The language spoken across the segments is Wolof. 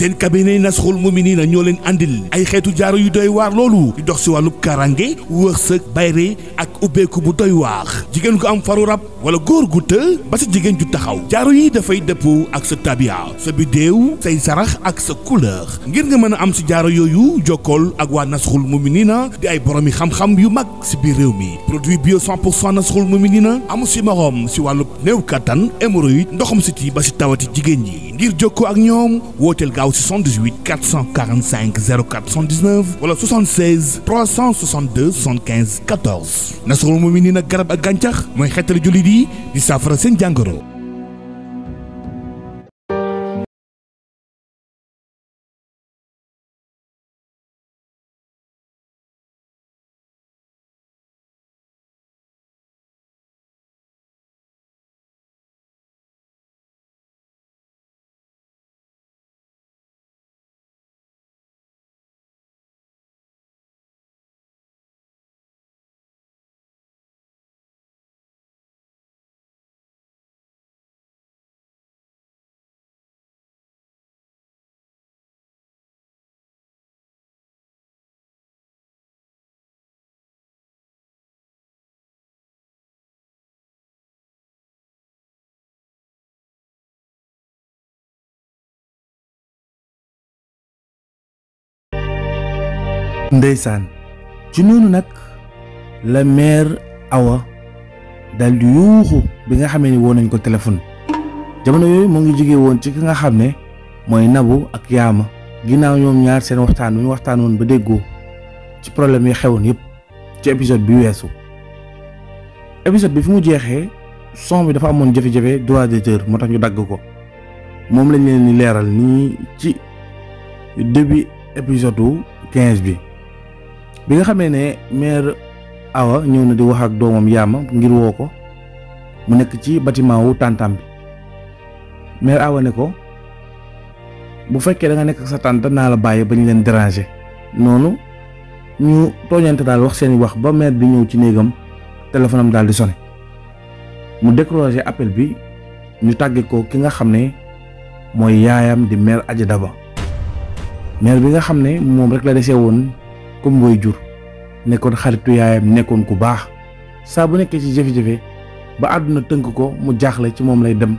seen cabinet nii na ñoo leen andil ay xeetu jaaro yu doy waar loolu di dox si wàllu karange wërsëg bayre ak ubbeeku bu doy waar jigéen gu am faru rab wala góor gu të ba sa jigéen ju taxaw jaaro yi dafay dëppoo ak sa tabia sa bidéew say sarax ak sa couleur ngir nga mën a am si jaaro yooyu jokkool ak waa Nasrul Muminina di ay boromi xam-xam yu mag si biir réew mi produit bio 100 pour cent Nasrul Muminina amu si morom si wàllu néew kattan hémorroïde ndoxum siti ba si tawati jigéen ñi ngir jokkoo ak ñoom wooteel gaaw gaaw si 78 445 0419 wala 76 362 75 14 Nasrul Muminin nag garab ak gàncax mooy xeetali jullit yi di saafara seen jàngoro. ndeysaan ci noonu nag la mère Awa dal di yuuxu bi nga xamee ni woo nañ ko téléphone jamono yooyu moo ngi jógee woon ci ki nga xam ne mooy Nabou ak Yaama ginnaaw ñoom ñaar seen waxtaan bu waxtaan woon ba déggoo ci problème yi xewoon yëpp ci épisode bi weesu épisode bi fi mu jeexee son bi dafa amoon jafe-jafe droit d'auteur moo tax ñu dagg ko moom lañ leen ni leeral nii ci début épisode wu 15 bi bi nga xamee ne maire Awa ñëw na di wax ak doomam Yaama ngir woo ko mu nekk ci bâtiment wu tàntam bi maire Awa ne ko bu fekkee da nga nekk sa tànt naa la bàyyi ba ñu leen déranger noonu ñu tooñante daal wax seeni wax ba maire bi ñëw ci néegam téléphone am daal di sone mu décroché appel bi ñu tàgge ko ki nga xam ne mooy yaayam di maire Adja Daba maire bi nga xam ne moom rek la desee woon comme way jur nekkoon xaritu yaayam nekkoon ku baax saa bu nekkee ci jafe-jafe ba àdduna tënk ko mu jaaxle ci moom lay dem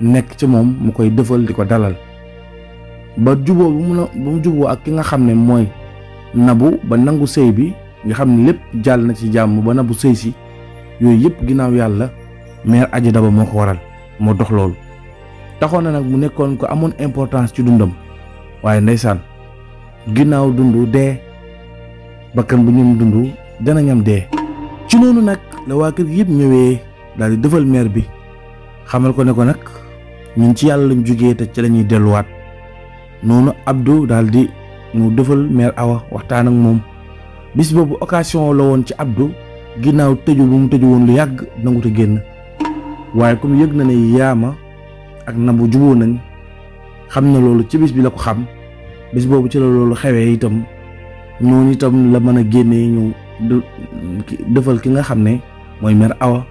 nekk ci moom mu koy dëfal di ko dalal ba juboo bu mu ba mu juboo ak ki nga xam ne mooy nabu ba nangu sëy bi nga xam ne lépp jàll na ci jàmm ba nabu sëy si yooyu yëpp ginnaaw yàlla mère Adji Daba moo ko waral moo dox loolu taxoon na nag mu nekkoon ko amoon importance ci dundam waaye ndeysaan ginnaaw dund dee bakkan bu ñoom dund danañam dee ci noonu nag la waa kër yëpp ñëwee daal di defal maire bi xamal ko ne ko nag ñun ci yàlla lañ jógee te ci lañuy delluwaat noonu Abdou daal di mu defal maire Awa waxtaan ak moom bis boobu occasion la woon ci Abdou ginnaaw tëju bu mu tëju woon lu yàgg nangut a génn waaye comme yëg na ne yaama ak nabu juboo nañ xam na loolu ci bis bi la ko xam bis boobu ci la loolu xewee itam noonu itam la mën a génnee ñu defal ki nga xam ne mooy mère Awa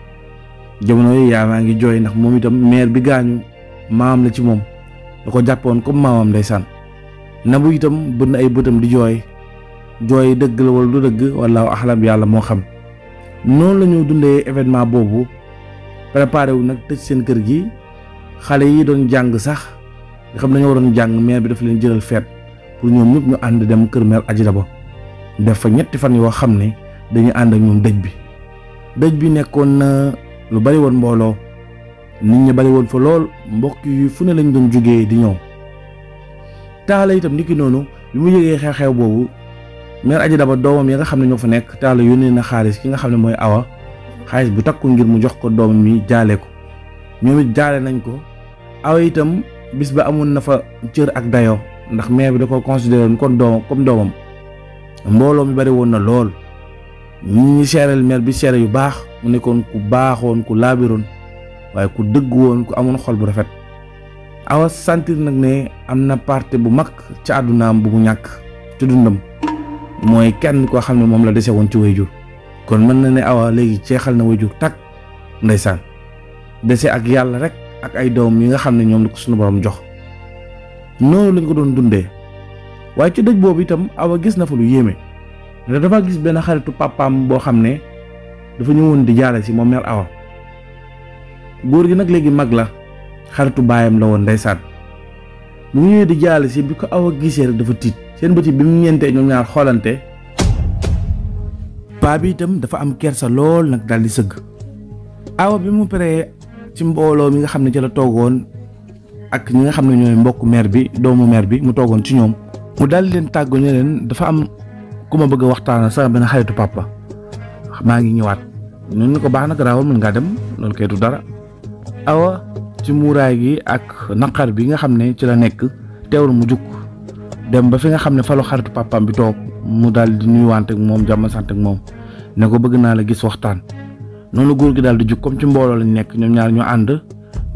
jamono yooyu yaa maa ngi jooy ndax moom itam mère bi gaañu maam la ci moom da ko jàppoon comme maamam ndeysaan nabu itam bët na ay bëtam di jooy jooy dëgg la wala du dëgg wallaahu axlam yàlla moo xam noonu la ñu dundee événement boobu préparé wu nag tëj seen kër gi xale yi doon jàng sax nga xam dañoo waroon jàng mère bi daf leen jëlal feet pour ñoom ñëpp ñu ànd dem kër mère Adji Daba def fa ñetti fan yoo xam ne dañuy ànd ak ñoom dëj bi dëj bi nekkoon na lu bari woon mbooloo nit ñi bari woon fa lool mbokk yi fu ne lañ doon jógee di ñëw taala itam niki noonu bi mu yëgee xew-xew boobu mère Adji Daba doomam ya nga xam ne ñoo fa nekk taala yónnee na xaalis ki nga xam ne mooy awa xaalis bu takku ngir mu jox ko doomam mi jaale ko ñoom it jaale nañ ko awa itam bis ba amoon na fa cër ak dayo ndax maire bi da ko considéré woon kon doom comme doomam mbooloo mi bari woon na lool ñi ñi seereel maire bi seere yu baax mu nekkoon ku baaxoon ku laabiroon waaye ku dëgg woon ku amoon xol bu rafet awa sentir nag ne am na parte bu mag ci àddunaam bu mu ñàkk ci dundam mooy kenn koo xam ne moom la dese woon ci wayjur kon mën na ne awa léegi ceexal na wayjur takk ndeysaan dese ak yàlla rek ak ay doom yi nga xam ne ñoom sunu ko suñu jox noonu lañ ko doon dundee waaye ci dëj boobu itam awa gis na fa lu yéeme ndax dafa gis benn xaritu papaam boo xam ne dafa ñëwoon di jaale si moom mère awa góor gi nag léegi mag la xaritu baayam la woon ndeysaan mu ñëwee di jaale si bi ko awa gisee rek dafa tiit seen bëti bi mu ñeentee ñoom ñaar xoolante paa bi itam dafa am kersa lool nag daal di sëgg awa bi mu paree ci mbooloo mi nga xam ne ci la toogoon ak ñi nga xam ne ñooy mbokk maire bi doomu maire bi mu toogoon ci ñoom mu daal leen tàggu ne leen dafa am ku ma bëgg a sax sama benn xaritu papa maa ngi ñëwaat ñun ko baax na garaawal mën ngaa dem loolu kay dara awa ci gi ak naqar bi nga xam ne ci la nekk teewul mu jug dem ba fi nga xam ne fa la xaritu papaam bi toog mu daal di nuyuwante ak moom jàmm sant ak moom ne ko bëgg naa la gis waxtaan noonu góor gi daal di jug comme ci mbooloo lañ nekk ñoom ñaar ñoo ànd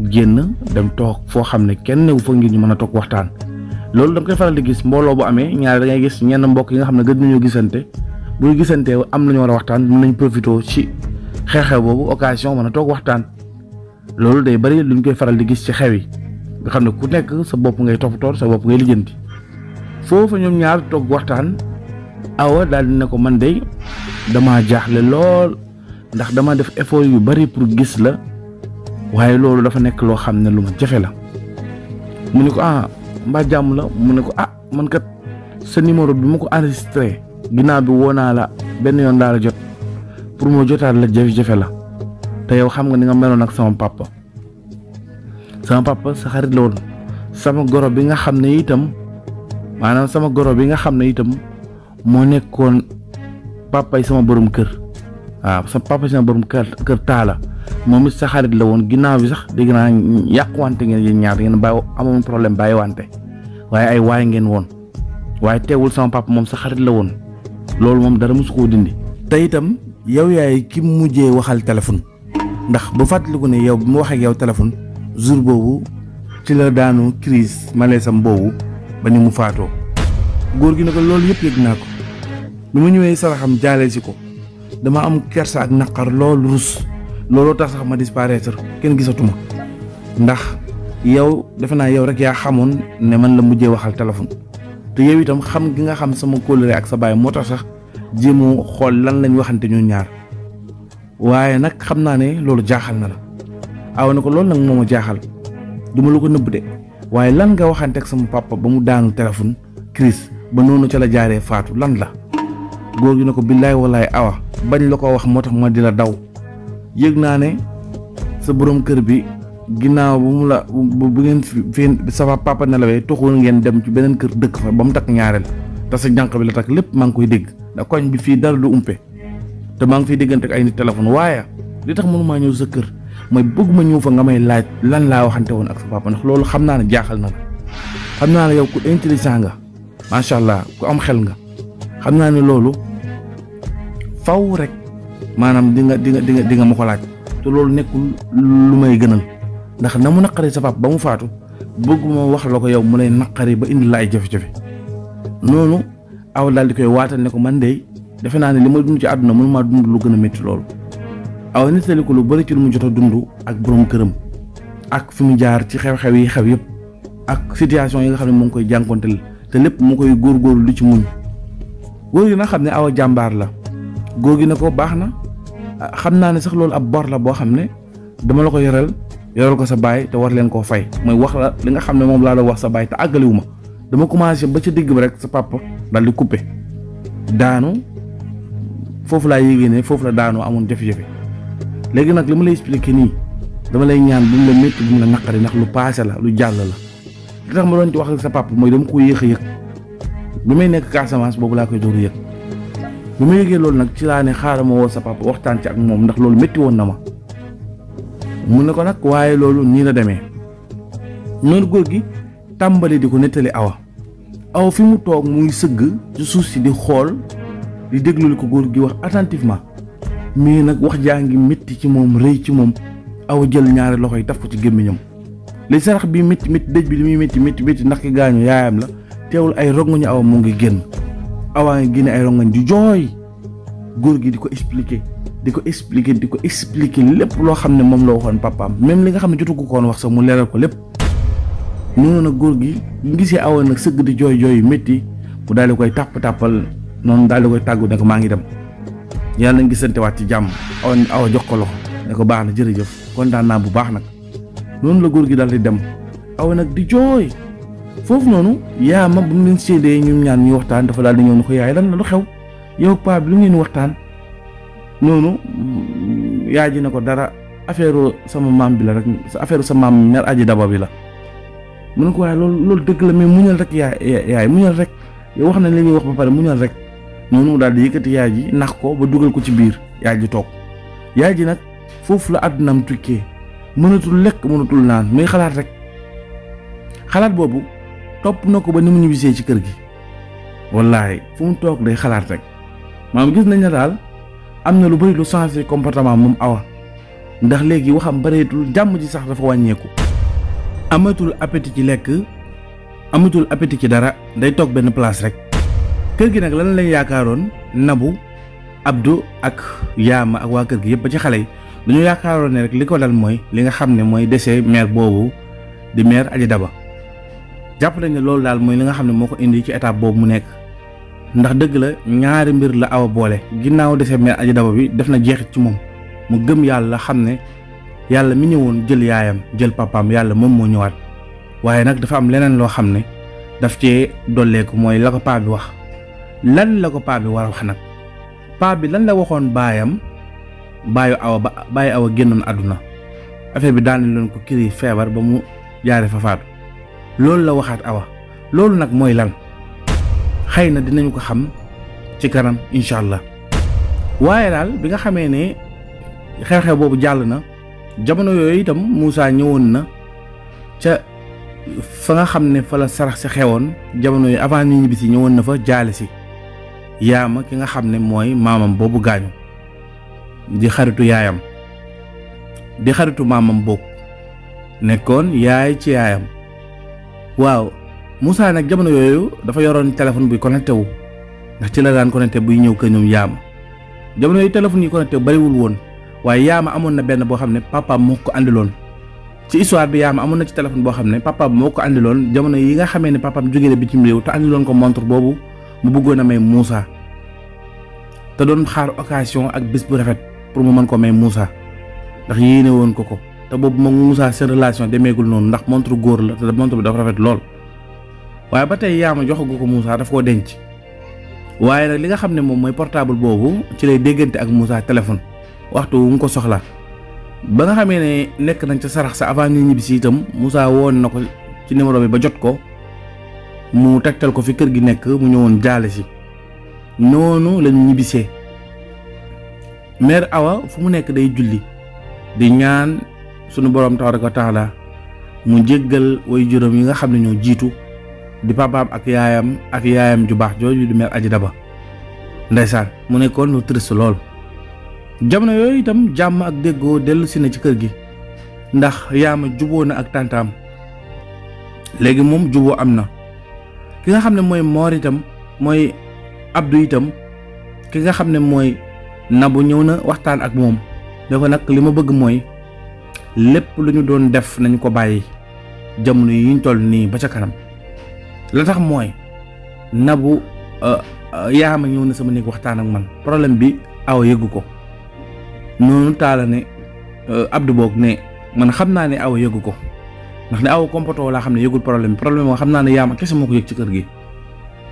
génn dem toog foo xam ne kenn newu fa ngir ñu mën a toog waxtaan loolu da koy faral di gis mbooloo bu amee ñaar da gis ñenn mbokk yi nga xam ne gën nañoo gisante bu ñu gisantee am nañu war a waxtaan mën nañ profité ci xew-xew boobu occasion mën a toog waxtaan loolu day bari ñu koy faral di gis ci xew yi nga xam ne ku nekk sa bopp ngay toppatoo sa bopp ngay lijjanti foofu ñoom ñaar toog waxtaan awa daal di ne ko man de damaa jaaxle lool ndax dama def effort yu bari pour gis la. waaye loolu dafa nekk loo xam ne lu ma jafe la mu ne ko ah mbaa jàmm la mu ne ko ah man kat sa numéro bi ma ko enregistré ginnaaw bi woo naa la benn yoon daal jot pour moo jotaat la jafe-jafe la te yow xam nga ni nga meloon ak sama papa sama papa sa xarit la woon sama goro bi nga xam ne itam maanaam sama goro bi nga xam ne itam moo nekkoon papa yi sama borom kër waaw sa papa yi sama borom kër taala moom it sa xarit la woon ginnaaw bi sax dégg naa yàquwante ngeen yéen ñaar ngeen bàyyi amoon problème wante waaye ay waay ngeen woon waaye teewul sama papa moom sa xarit la woon loolu moom dara mosu koo dindi. te itam yow yaay ki mu mujjee waxal téléphone ndax bu fàttaliku ne yow bi mu wax ak yow téléphone jour boobu ci la daanu crise malaisam boobu ba ni mu faatoo góor gi ne ko loolu yëpp yëg naa ko bi ma ñëwee saraxam jaale si ko dama am kersa naqar loolu looloo tax sax ma disparaître kenn gisatuma ndax yow defe naa yow rek yaa xamoon ne man la mujjee waxal téléphone te yow itam xam gi nga xam sama kóllëre ak sa baay moo tax sax jéemoo xool lan lañu waxante ñun ñaar waaye nag xam naa ne loolu jaaxal na la aw na ko loolu nag moo ma jaaxal duma la ko nëbb de waaye lan nga waxante ak sama papa ba mu daanu téléphone crise ba noonu ca la jaaree faatu lan la góor gi ne ko billaay walaay awa bañ la ko wax moo tax ma di daw yëg naa ne sa boroom kër bi ginnaaw bu mu la bu ngeen fi sa papa nelawee toxul ngeen dem ci beneen kër dëkk fa ba mu takk ñaareel te sa jànq bi la takk lépp maa ngi koy dégg ndax koñ bi fii dara du umpe te maa ngi fiy déggante ak ay nit téléphone waaye li tax mënumaa ñëw sa kër mooy bëgg ma ñëw fa nga may laaj lan laa waxante woon ak sa papa ndax loolu xam naa ne jaaxal na la xam naa ne yow ku intelligent nga macha allah ku am xel nga naa ne loolu faw rek. maanaam di nga di nga di di nga ma ko laaj te loolu nekkul lu may gënal ndax na mu naqari sa papa ba mu faatu bëgguma wax la ko yow mu lay naqari ba indi la ay jafe-jafe noonu aw daal di koy waatal ne ko man dey defe naa ne li ma dund ci àdduna mënu maa dund lu gën a métti loolu aw nettali ko lu bëri ci lu mu jot a dund ak borom këram ak fi mu jaar ci xew-xew yi xew yëpp ak situation yi nga xam ne mu ngi koy jànkonteel te lépp mu koy góorgóorlu lu ci muñ góor na xam ne awa jàmbaar la góor gi ne baax na xam naa ne sax loolu ab bor la boo xam ne dama la ko yoral yoral ko sa baay te war leen koo fay mooy wax la li nga xam ne moom laa la wax sa baay te àggaliwu ma dama commencé ba ca digg ba rek sa papa daal di coupé daanu foofu laa yéegee ne foofu la daanoo amoon jafe-jafe léegi nag li ma lay expliqué nii dama lay ñaan bu mu la métti bu mu la naqari ndax lu paase la lu jàll la li tax ma doon ci wax ak sa papa mooy dama ko yéex a yëg bi may nekk Casamance boobu laa koy dooru yëg bi ma yëgee loolu nag ci laa ne xaaral ma woo sa papa waxtaan ci ak moom ndax loolu métti woon na ma mun na ko nag waaye loolu nii la demee noonu góor gi tàmbali di ko nettali awa aw fi mu toog muy sëgg ci suuf si di xool di déglu ko góor gi wax attentivement mais nag wax jaa ngi métti ci moom rëy ci moom aw jël ñaari loxo yi taf ko ci gémmiñam li sarax bi métti métti dëj bi li muy métti métti métti ndax ki gaañu yaayam la teewul ay rongoñu awa mu ngi génn awaa génne ay rongañ di jooy góor gi di ko expliquer di ko expliquer di ko expliquer lépp loo xam ne moom la waxoon papaam même li nga xam ne jotu koon wax sax mu leeral ko lépp noonu nag góor gi ngi gisee awa nag sëgg di jooy jooy yu métti mu daal di koy tàpp tàppal noonu daal di koy tàggu ne ko maa ngi dem yàlla nañ gisantewaat ci jàmm awa awa jox ko loxo ne ko baax na jërëjëf kontaan naa bu baax nag noonu la góor gi daal di dem awa nag foofu noonu yaa ma bu mu leen séedee ñoom ñaan ñu waxtaan dafa daal di ñëw ne ko yaay lan la lu xew yow paa bi lu ngeen waxtaan noonu yaay ji na ko dara affaire sama maam bi la rek sa affaire sa maam mère aji daba bi la. mu ne ko waaye loolu loolu dëgg la mais muñal rek yaay yaay muñal rek yow wax na li ñuy wax ba pare muñal rek noonu daal di yëkkati yaay ji nax ko ba dugal ko ci biir yaay ji toog yaay ji nag foofu la àdduna àddunaam tukkee mënatul lekk mënatul naan muy xalaat rek xalaat boobu. topp na ko ba ni mu ñibbisee ci kër gi wallaay fu mu toog day xalaat rek maam gis nañ ne daal am na lu bëri lu changé comportement moom awa ndax léegi waxam bareetul jàmm ji sax dafa wàññeeku. amatul appétit ci lekk amatul appétit ci dara day toog benn place rek kër gi nag lan lañ yaakaaroon nabu abdu ak yaama ak waa kër gi yëpp ba ci xale yi dañoo yaakaaroon ne rek li ko dal mooy li nga xam ne mooy dese meer boobu di meer aji daba. jàppale nañ ne loolu daal mooy li nga xam ne moo ko indi ci étape boobu mu nekk ndax dëgg la ñaari mbir la awa boole ginnaaw dese mère Adji Daba bi def na jeexit ci moom mu gëm yàlla xam ne yàlla mi ñëwoon jël yaayam jël papaam yàlla moom moo ñëwaat waaye nag dafa am leneen loo xam ne daf cee dolleeku mooy la ko paa bi wax lan la ko paa bi war a wax nag paa bi lan la waxoon baayam baayu awa ba baayu awa génnoon àdduna affaire bi daaneel leen ko kiri feebar ba mu jaare fa loolu la waxaat awa loolu nag mooy lan xëy na dinañu ko xam ci kanam incha allah waaye daal bi nga xamee ne xew-xew boobu jàll na jamono yooyu itam Moussa ñëwoon na ca fa nga xam ne fa la sarax si xewoon jamono yi avant ñu ñibbisi ñëwoon na fa jaale si yaama ki nga xam ne mooy maamam boobu gaañu di xaritu yaayam di xaritu maamam boobu nekkoon yaay ci yaayam waaw Moussa nag jamono yooyu dafa yoroon téléphone buy connecté wu ndax ci la daan connecté buy ñëw kër ñoom yaama jamono yooyu téléphone yi connecté wu bariwul woon waaye yaama amoon na benn boo xam ne papaam mu ko àndiloon ci histoire bi yaama amoon na ci téléphone boo xam ne papaam moo ko àndiloon jamono yi nga xamee ne papaam jógee na bitim réew te àndiloon ko montre boobu mu bëggoon a may Moussa te doon xaar occasion ak bis bu rafet pour mu mën ko may Moussa ndax yéene woon ko ko. te boobu moom Moussa seen relation demeegul noonu ndax montre góor la te montre bi dafa rafet lool waaye ba tey yaama joxagu ko Moussa daf koo denc waaye nag li nga xam ne moom mooy portable boobu ci lay déggante ak Moussa téléphone waxtu wu mu ko soxla ba nga xamee ne nekk nañ ca sarax sa avant ñuy ñibbisi itam Moussa woon na ko ci numéro bi ba jot ko mu tegtal ko fi kër gi nekk mu ñëwoon jaale si noonu lañu ñibbisee mère Awa fu mu nekk day julli sunu boroom tabaraka wa la mu jéggal way juróom yi nga xam ne ñoo jiitu di papaam ak yaayam ak yaayam ju baax jooju di mel aji daba ndeysaan mu nekkoon lu triste lool jamono yooyu itam jàmm ak déggoo dellusi na ci kër gi ndax yaama juboo na ak tàntaam léegi moom juboo am na ki nga xam ne mooy moor itam mooy abdu itam ki nga xam ne mooy nabu ñëw na waxtaan ak moom dafa nag li ma bëgg mooy lépp lu ñu doon def nañu ko bàyyi jamono yi ñu toll nii ba ca kanam la tax mooy nabu euh, euh, yaama ñëw na sama néeg waxtaan ak man problème bi aw yëggu ko noonu taala ne euh, Abdou boog ne man xam naa ne aw yëggu ko ndax ne aw comportement laa xam ne yëgul problème bi problème moo xam naa ne yaama kese moo ko yëg ci kër gi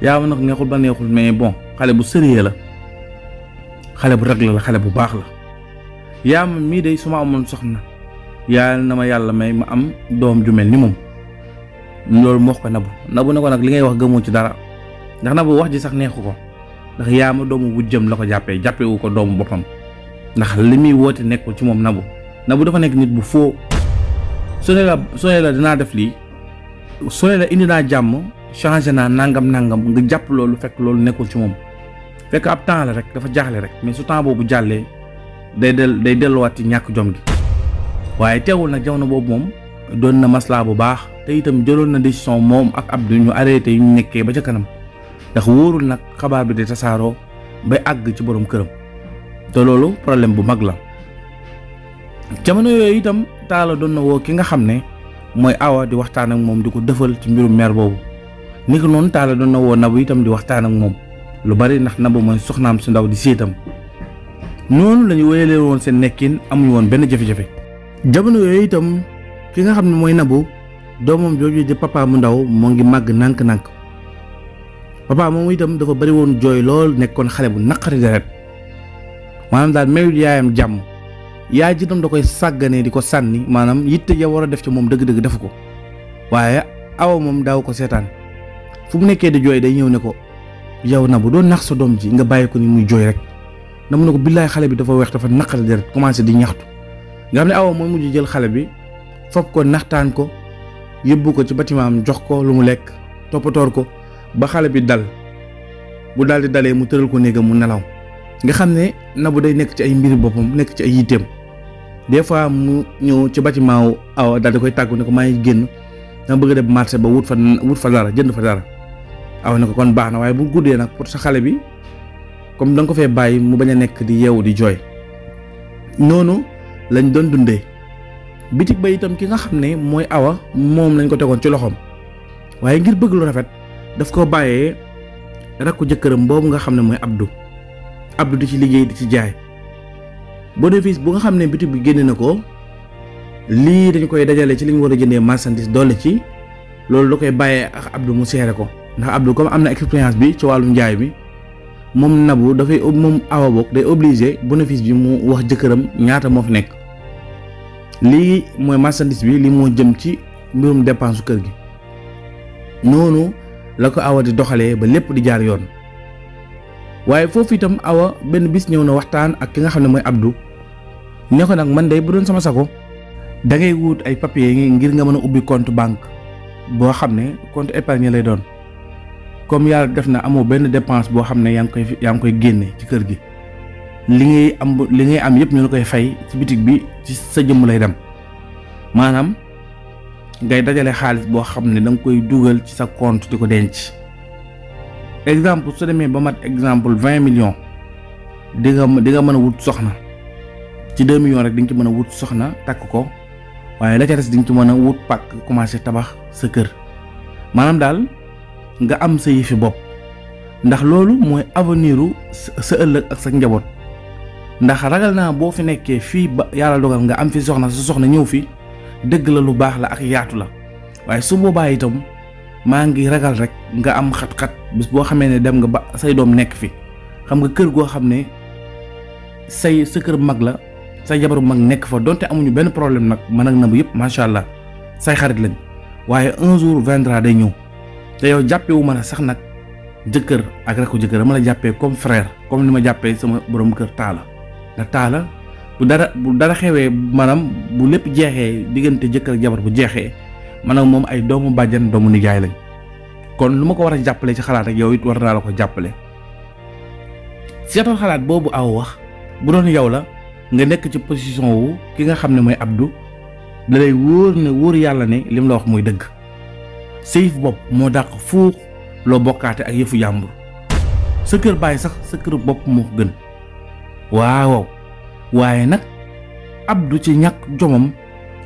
yaama nag neexul ba neexul mais bon xale bu sérieux la xale bu règle la xale bu baax la yaama mii day su ma sox soxna. yàlla na ma yàlla may ma am doom ju mel ni moom loolu mu wax ko nabu nabu na ko nag li ngay wax gëmoo ci dara ndax nabu wax ji sax neexu ko ndax yaa ma doomu bu jëm la ko jàppee jàppewu ko doomu boppam ndax li muy woote nekkul ci moom nabu nabu dafa nekk nit bu foo su ne la su la dinaa def lii su la indi naa jàmm changé naa nangam nangam nga jàpp loolu fekk loolu nekkul ci moom fekk ab temps la rek dafa jaaxle rek mais su temps boobu jàllee day del day delluwaat ci ñàkk jom gi waaye teewul nag jamono boobu moom doon na maslaa bu baax te itam jëloon na décision moom ak Abdou ñu arrêté yu ñu nekkee ba ca kanam ndax wóorul nag xabaar bi di tasaaroo bay àgg ci borom këram te loolu problème bu mag la jamono yooyu itam taala doon na woo ki nga xam ne mooy awa di waxtaan ak moom di ko dëfal ci mbirum meer boobu ni ko noonu taala doon na woo nabu itam di waxtaan ak moom lu bari ndax nabu mooy soxnaam su ndaw di siitam noonu la ñu wéyalee woon seen nekkin amuñu woon benn jafe jamono yooyu itam ki nga xam ne mooy nabu doomam jooju di papa mu ndaw moo ngi màgg nànk-nànk papa moom itam dafa bari woon jooy lool nekkoon xale bu naqari deret maanaam daal mayul yaayam jàmm yaay ji itam da koy sàgganee di ko sànni maanaam yitte ja war a def ci moom dëgg-dëgg defu ko waaye awa moom daaw ko seetaan fu mu nekkee di jooy day ñëw ne ko yow na bu doon nax sa doom ji nga bàyyi ko ni muy jooy rek na mu ko billaay xale bi dafa weex dafa naqari commencé di ñaxtu nga xam ne awa mooy mujj jël xale bi fob ko naxtaan ko yóbbu ko ci bâtiment am jox ko lu mu lekk toppatoor ko ba xale bi dal bu daal di dalee mu tëral ko néegam mu nelaw nga xam ne na bu day nekk ci ay mbiri boppam nekk ci ay yitteem des fois mu ñëw ci bâtiment wu awa daal koy tàggu ne ko maa ngi génn dama bëgg a dem marché ba wut fa wut fa dara jënd fa dara aw ne ko kon baax na waaye bu guddee nag pour sa xale bi comme da nga ko fee bàyyi mu bañ a nekk di yeewu di jooy lañ doon dunde bitig ba itam ki nga xam ne mooy awa moom lañ ko tegoon ci loxoom waaye ngir bëgg lu rafet daf ko bàyyee rakku jëkkëram boobu nga xam ne mooy Abdou Abdou di ci liggéey di ci jaay bénéfice bu nga xam ne bitig bi génne na ko lii dañ koy dajale ci li ñu war a jëndee marchandise dolli ci loolu da koy bàyyee ak Abdou mu seere ko ndax Abdou comme am na expérience bi ci wàllum njaay bi moom nabu dafay moom awa boog day obligé bénéfice bi mu wax jëkkëram ñaata moo fi nekk lii mooy marchandise bi li moo jëm ci mbirum dépense kër gi noonu la ko awa di doxalee ba lépp di jaar yoon waaye foofu itam awa benn bis ñëw na waxtaan ak ki nga xam ne mooy Abdou ne ko nag man dey bu doon sama sako da ngay wut ay papier ngir nga mën a ubbi compte banque boo xam ne compte épargne lay doon comme yàlla def na amoo benn dépense boo xam ne yaa ngi koy koy génne ci kër gi li ngay am li ngay am yëpp ñu la koy fay ci bitig bi ci sa jëmm lay dem maanaam ngay dajale xaalis boo xam ne danga koy dugal ci sa compte di ko denc exemple su demee ba mat exemple vingt millions di nga di nga mën a wut soxna ci deux millions rek di nga ci mën a wut soxna takk ko waaye la di nga ci mën a wut pàkk commencé tabax sa kër maanaam daal. nga am sa yëfi bopp ndax loolu mooy aveniru sa ëllëg ak sa njaboot ndax ragal naa boo fi nekkee fii ba yàlla dogal nga am fi soxna sa soxna ñëw fi dëgg la lu baax la ak yaatu la waaye su boobaa itam maa ngi ragal rek nga am xat-xat bis boo xamee ne dem nga ba say doom nekk fi xam nga kër goo xam ne say sa kër mag la say jabaru mag nekk fa donte amuñu benn problème nag mën ak na bu yëpp macha allah say xarit lañ waaye un jour viendra day ñëw. te yow jàppewu ma la sax nag jëkkër ak rakku jëkkër dama la jàppee comme frère comme ni ma jàppee sama borom kër taala na taala bu dara bu dara xewee maanaam bu lépp jeexee diggante jëkkër ak jabar bu jeexee maanaam moom ay doomu bàjjan doomu nijaay lañ kon lu ma ko war a jàppale ci xalaat ak yow it war naa la ko jàppale seetoon xalaat boobu aw wax bu doon yow la nga nekk ci position wu ki nga xam ne mooy Abdou da lay wóor ne wóor yàlla ne lim la wax muy dëgg sa bopp moo dàq fuux loo bokkaate ak yëfu yàmbur sa kër bàyyi sax sa kër bopp moo gën waaw waaye ab du ci ñàkk jomam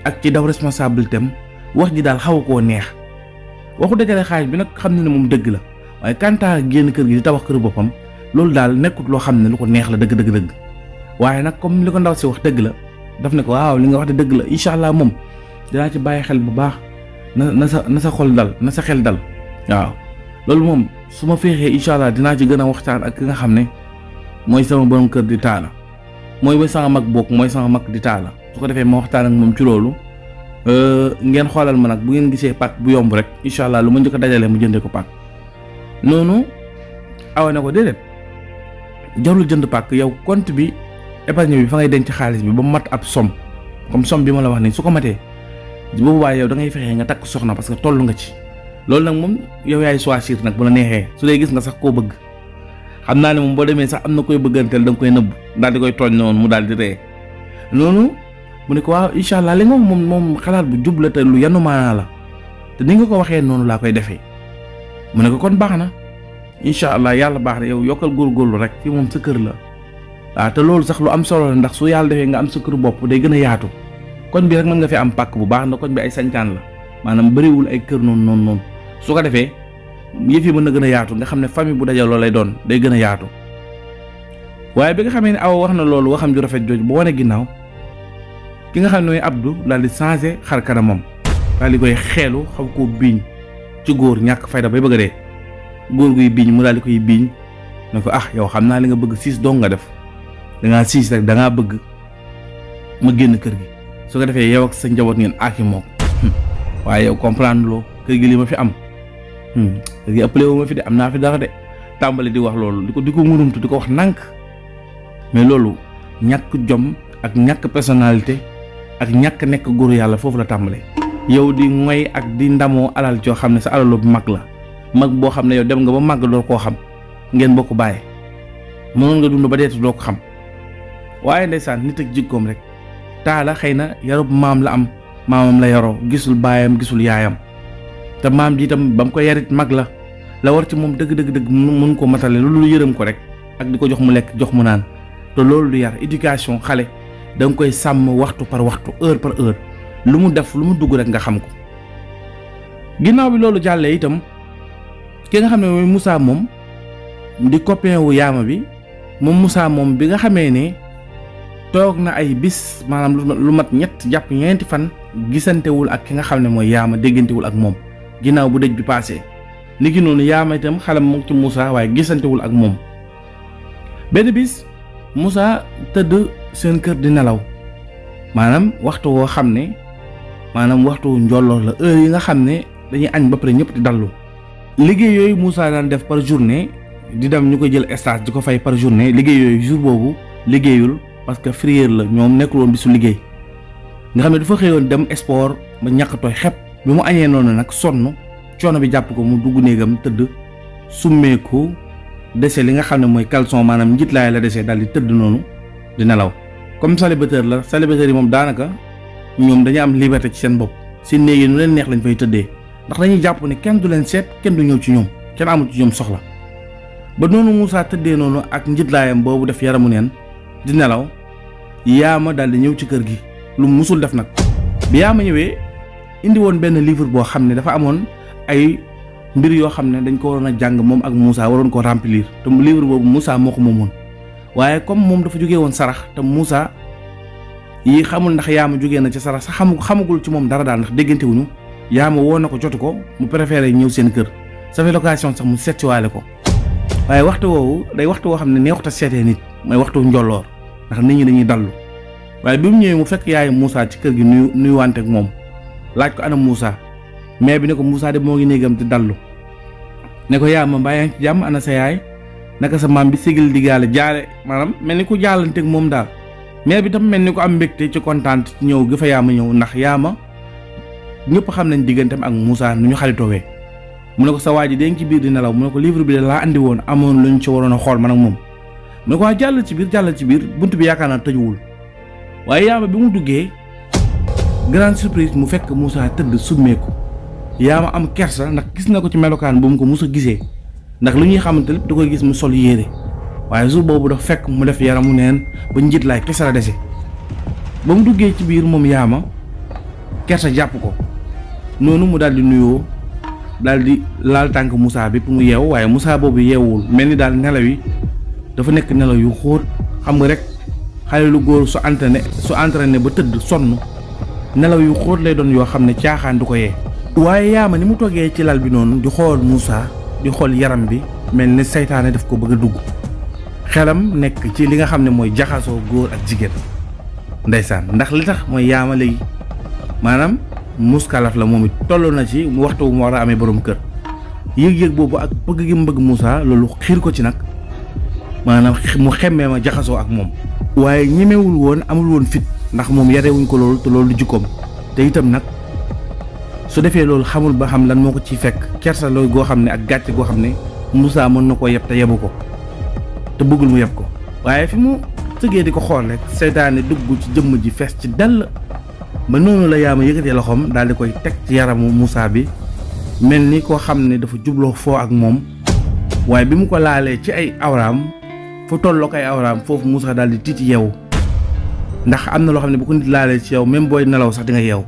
ak ci daw responsabilité am wax ji daal xaw koo neex waxu dajale xaalis bi nag xam na ne moom dëgg la waaye kantaa génn kër gi di tabax kër boppam loolu daal nekkut loo xam ne lu ko neex la dëgg dëgg dëgg waaye nag comme li ko ndaw si wax dëgg la daf ne ko waaw li nga wax de dëgg la incha allah moom dinaa ci bàyyi xel bu baax. na na sa na sa xol dal na sa xel dal waaw loolu moom su ma feexee incha allah dinaa ci gën a waxtaan ak ki nga xam ne mooy sama borom kër di taala mooy mooy sama mag book mooy sama mag di taala su ko defee ma waxtaan ak moom ci loolu euh, ngeen xoolal ma nag bu ngeen gisee pàkk bu yomb rek incha allah lu ma njëkk a dajalee mu jëndee ko pàkk noonu awa na ko déedéet jarul jënd pàkk yow compte bi épargne bi fa ngay denc xaalis bi ba mu mat ab som comme som bi ma la wax nii su ko matee. bu boobaa yow da ngay fexe nga takk soxna parce que toll nga ci loolu nag moom yow yaay choisir nag bu la neexee su dee gis nga sax koo bëgg xam naa ne moom boo demee sax am na koy bëgganteel da nga koy nëbb daal di koy tooñ noonu mu daal di ree noonu mu ne ko waaw incha allah li nga moom moom xalaat bu jub te lu yanu maanaa la te ni nga ko waxee noonu laa koy defee mu ne ko kon baax na incha allah yàlla baax na yow yokkal góor góorlu rek fi moom sa kër la waaw loolu sax lu am solo ndax su yàlla defee nga am sa kër bopp day gën a yaatu. koñ bi rek mën nga fi am pàkk bu baax na koñ bi ay sañkaan la maanaam bëriwul ay kër noonu noonu noonu su ko defee yëf yi mën na gën a yaatu nga xam ne famille bu dajaloo lay doon day gën a yaatu waaye bi nga xamee ne aw wax na loolu waxam ju rafet jooju ba wane ginnaaw ki nga xam ne mooy Abdou daal di changé xar kanamam daal koy xeelu xam koo biiñ ci góor ñàkk fayda bay bëgg a dee góor guy biiñ mu daal di koy biiñ ne ko ah yow xam naa li nga bëgg siis dong nga def dangaa siis dangaa bëgg ma génn kër gi su ko defee yow ak sa njaboot ngeen aaki mook hmm. waaye yow comprendre loo kër gi li ma fi am hmm. kër gi ëppale ma fi de am naa fi dara de tàmbali di wax loolu di ko di ko ngurumtu di ko wax nànk mais loolu ñàkk jom ak ñàkk personnalité ak ñàkk nekk góoru yàlla foofu la tàmbalee yow di moy ak di ndamoo alal joo xam ne sa alalu bu mag la mag boo xam ne yow dem nga ba màgg doo koo xam ngeen bokk bàyyi mënoon nga dund ba deetu doo ko xam waaye ndeysaan nit ak jikkoom rek taala xëy na yarub maam la am maamam la yaroo gisul baayam gisul yaayam te maam ji itam ba ko yarit mag la la war ci moom dëgg dëgg dëgg mun ko matale lu lu yërëm ko rek ak di ko jox mu lekk jox mu naan te loolu du yar éducation xale da nga koy sàmm waxtu par waxtu heure par heure lu mu def lu mu dugg rek nga xam ko ginnaaw bi loolu jàllee itam ki nga xam ne mooy Moussa moom di copain wu yaama bi moom Moussa moom bi nga xamee ne toog na ay bis maanaam lu mat ñett jàpp ñeenti fan gisantewul ak ki nga xam ne mooy yaama déggantewul ak moom ginnaaw bu dëj bi paasee ni ki noonu yaama itam xalam mu ngi ci Moussa waaye gisantewul ak moom benn bis Moussa tëdd seen kër di nelaw maanaam waxtu woo xam ne maanaam waxtu njolloor la heure yi nga xam ne dañuy añ ba pare ñëpp di dallu liggéey yooyu Moussa daan def par journée di dem ñu ko jël stage di ko fay par journée liggéey yooyu jour boobu liggéeyul parce que frère la ñoom nekkul woon bi su liggéey nga xam ne dafa xëyoon dem sport ba ñàkk tooy xepp bi mu añee noonu nag sonn coono bi jàpp ko mu dugg néegam tëdd summeeku dese li nga xam ne mooy caleçon maanaam njitlaay la dese daal di tëdd noonu di nelaw comme célibataire la célibataire yi moom daanaka ñoom dañu am liberté ci seen bopp si néeg yi nu leen neex lañ fay tëddee ndax dañuy jàpp ne kenn du leen seet kenn du ñëw ci ñoom kenn amul ci ñoom soxla ba noonu Moussa tëddee noonu ak def yaramu neen yaama daal di ñëw ci kër gi lu mu musul def nag bi yaama ñëwee indi woon benn livre boo xam ne dafa amoon ay mbir yoo xam ne dañ ko waroon a jàng moom ak Moussa waroon ko remplir te livre boobu Moussa moo ko moomoon waaye comme moom dafa jóge woon sarax te Moussa yi xamul ndax yaama jógee na ci sarax sax xamu xamagul ci moom dara daal ndax déggante wuñu ma woo na ko jotu ko mu préféré ñëw seen kër sa fait location sax mu seet ko waaye waxtu woowu day waxtu woo xam ne neexut seetee nit mooy waxtu njolloor ndax nit ñi dañuy dallu waaye bi mu ñëwee mu fekk yaay Moussa ci kër gi nuyu nuyuwante ak moom laaj ko ana Moussa mais bi ne ko Moussa de moo ngi néegam di dallu ne ko yaa ma mbaa ci jàmm ana sa yaay naka sa maam bi sigil di gaale jaale maanaam mel ni ku jaalanteeg moom daal mais bi tam mel ni ko am mbégte ci kontaan ci ñëw gi fa yaama ñëw ndax yaama ñëpp xam nañ digganteem ak Moussa nu ñu xaritoowee mu ne ko sa waa ji denc ci biir di nelaw mu ne ko livre laa andi woon amoon lu waroon a xool man ak moom. ne ko waa jàll ci biir jàll ci biir bunt bi yaakaar naa tëjuwul waaye yaama bi mu duggee grande surprise mu fekk Moussa tëdd summeeku yaama am kersa ndax gis na ko ci melokaan bu mu ko musa gisee ndax li ñuy xamante lépp du koy gis mu sol yére waaye jour boobu dafa fekk mu def mu neen ba njiit laay kese la dese ba mu duggee ci biir moom ma kersa jàpp ko noonu mu daal di nuyoo daal di laal tànk Moussa bi pour mu yeewu waaye Moussa boobu yeewul mel ni daal nelaw yi dafa nekk nelaw yu xóot xam nga rek xale lu góor su entraîné su entraîné ba tëdd sonn nelaw yu xóot lay doon yoo xam ne caaxaan du ko yee. waaye yaama ni mu toggee ci lal bi noonu di xool Moussa di xool yaram bi mel ni seytaane daf ko bëgg a dugg xelam nekk ci li nga xam ne mooy jaxasoo góor ak jigéen ndeysaan ndax li tax mooy yaama léegi maanaam muskalaf la moom it toll na ci waxtu mu war a amee borom kër yëg-yëg boobu ak bëgg gi mu bëgg Moussa loolu xiir ko ci nag. maanaam mu xemmee ma jaxasoo ak moom waaye ñemewul woon amul woon fit ndax moom yarewuñ ko loolu te loolu jikkoom te itam nag su defee loolu xamul ba xam lan moo ko ciy fekk kersa looy goo xam ne ak gàcce goo xam ne Moussa mën na ko yeb te yebu ko te bëggul mu yeb ko waaye fi mu sëggee di ko xool rek seytaane dugg ci jëmm ji fees ci dell ba noonu la yaa ma loxoom daal di koy teg ci yaramu Moussa bi mel ni koo xam ne dafa jubloo foo ak moom waaye bi fu tolloog ay awraam foofu Moussa daal di tiit yeewu ndax am na loo xam ne bu ko nit laalee ci yow même booy nelaw sax di nga yeew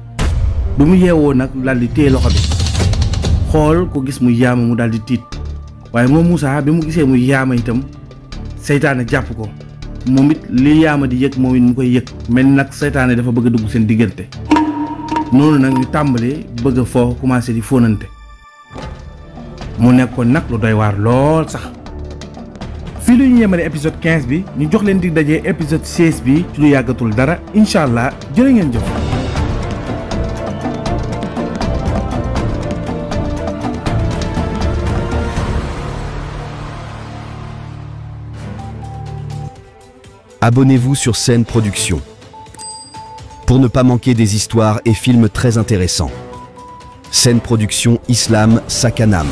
bu mu yeewoo nag daal di téye loxo bi xool ko gis mu yaama mu daal di tiit waaye moom Moussa bi mu gisee mu yaama itam seytaane jàpp ko moom it li yaama di yëg moom it mu koy yëg mel nag seytaane dafa bëgg a dugg seen diggante noonu nag ñu tàmbali bëgg foo commencé di fóonante mu nekkoon nag lu doy waar lool sax fii la ñu yemale épisode 15 bi ñu jox leen di dajee épisode 16 bi ci lu yàggatul dara incha allah jërë ngeen jëf. Abonnez-vous sur Scène Production pour ne pas manquer des histoires et films très intéressants. Scène Production Islam Sakanam.